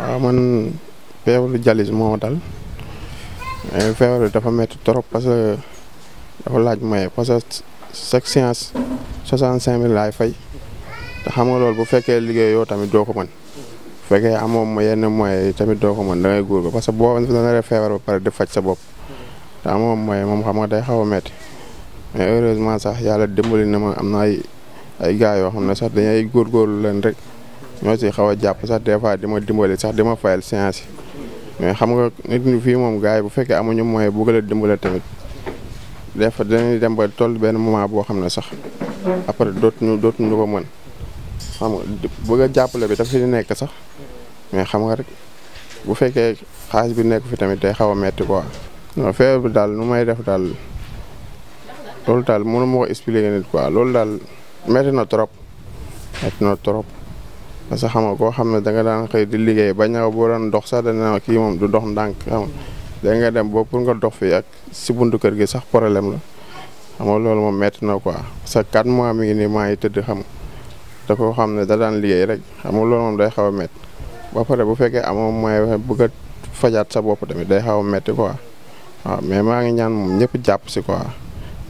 waaw man feebaru jalis moo dal eh, feebar dafa métti trop parce que dafa laaj maye parce que chaque séance soixante cinq mille laay fay te xam nga loolu bu fekkee liggéeyoo tamit doo ko mën bu fekkee amoo yenn moyens yi tamit doo ko mën da ngay góor parce que boo naree feebar ba pare di faj sa bopp te amoo moyen moom xam nga day xaw a métti heureusement sax yàlla dimbali na ma am na ay gars yoo xam ne sax dañ dañuy góorgóorlu leen rek ñoo si xaw a jàpp sax des fois di ma dimbali sax dima ma fayal yi mais xam nga nit ñi fii moom gars yi bu fekkee amuñu mooy moyen bëgg la dimbale tamit des fois dañuy dem ba toll benn moment boo xam ne sax après dootuñu dootuñu ko mën xam nga bëgg a jàppale bi dafa di nekk sax mais xam nga rek bu fekkee xaalis bi nekk fi tamit day xaw a metti quoi. non feebar daal nu may def daal loolu daal mënu moo ko expliquer nit quoi loolu daal. metti na trop metti na trop parce que xam nga koo xam ne da nga daan xëy di liggéey ba ñaw boo doon dox sax dana kii moom du dox ndànk xam nga da nga dem ba pour nga dox fii ak si buntu kër gi sax problème la xam nga loolu moom metti na ko parce que 4 mois mi ngi nii maa ngi tëdd xam te koo xam ne da daan liggéey rek xam nga moom day xaw a métti ba pare bu fekkee amoo moyen bëgg fajaat sa bopp tamit day xaw a métti quoi waaw mais maa ngi ñaan moom ñëpp jàpp si quoi.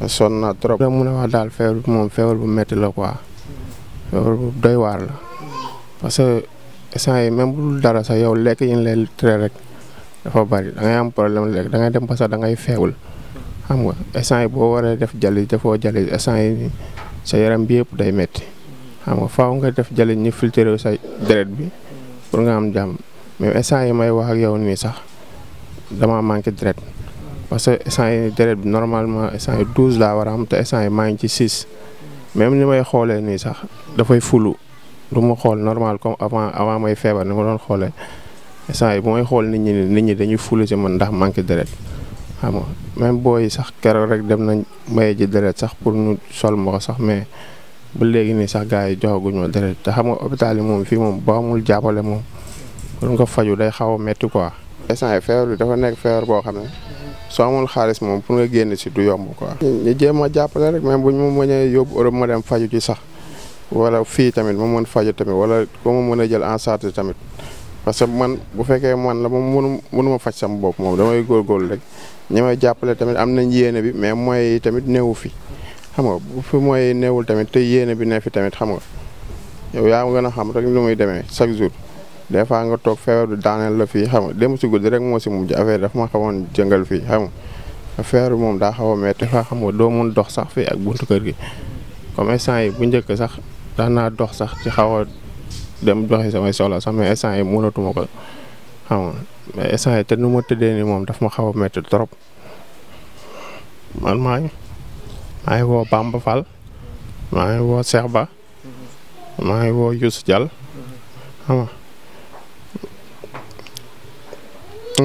sonn na trop. da mun a wax daal feebar bi moom feebar bu métti la quoi feebar doy waar la parce que instant yi même bu dara sax yow lekk yi ñu lay rek dafa bari da am problème lekk da ngay dem ba sax da ngay feewul xam nga instant yi boo waree def jalis dafoo jalis instant yi sa yaram bi yëpp day métti xam nga faw nga def jalis ñu filtré sa deret bi pour nga am jàmm mais instant yi may wax ak yow nii sax dama manqué deret. parce que instant yi deret bi normalement instant yi douze laa war a am te maa ngi ci six même ni may xoolee nii sax dafay fulu du ma xool normal comme avant avant may feebar ni ma doon xoolee instant yi xool nit ñi nit ñi dañuy fulu ci man ndax manque deret xam nga même booy sax keroog rek dem nañ maye ji deret sax pour ñu sol ma sax mais ba léegi nii sax yi joxaguñ ma te xam nga hôpital yi moom fii moom ba amul jàppale moom pour nga faju day xaw a métti quoi. instant yi feebar bi dafa nekk feebar boo xam ne. soo amul xaalis moom pour nga génne si du yomb quoi. ñu jéem a jàppale rek même bu ñu ma mënee yóbbu Europe ma dem faju ci sax wala fii tamit ma mën faju tamit wala ba ma mën a jël en charge tamit parce que man bu fekkee man la moom mënu mënuma faj sama bopp moom damay góorgóorlu rek ñi may jàppale tamit am nañ yéene bi mais mooy tamit néewu fi xam nga bu fi mooy néewul tamit te yéene bi ne fi tamit xam nga yow yaa gën a xam rek nu muy demee chaque jour. des fois nga toog feebar bi daaneel la fi xam nga dem si guddi rek moo si mujj affaire daf ma xamoon jëngal fi xam nga affaire bi moom daa xaw a métti faa xam nga doo mun dox sax fii ak buntu kër gi comme instant yi bu njëkk sax daan naa dox sax ci xaw a dem doxi samay soxla sax mais instant yi mënatuma ko xam nga mais yi te nu ma tëddee nii moom daf ma xaw a métti trop man maa ngi woo Bamba Fall maa ngi woo Cheikh Ba maa ngi woo Youssou Diall xam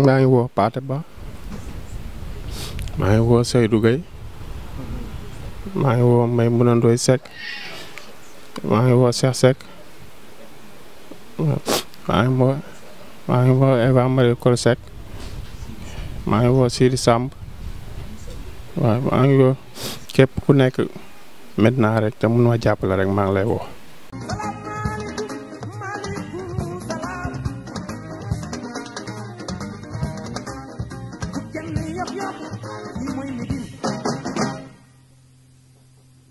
maa ngi woo Paate Ba maa ngi woo Seydou Gueye maa ngi woo May Muna sek Seck maa ngi woo Cheikh Seck maa ngi woo maa ngi woo Eva Marie maa ngi woo Sidi Samb waaw maa ngi woo ku nekk maintenant rek te mun ma jàppale rek maa ngi lay woo. yëpp yëpp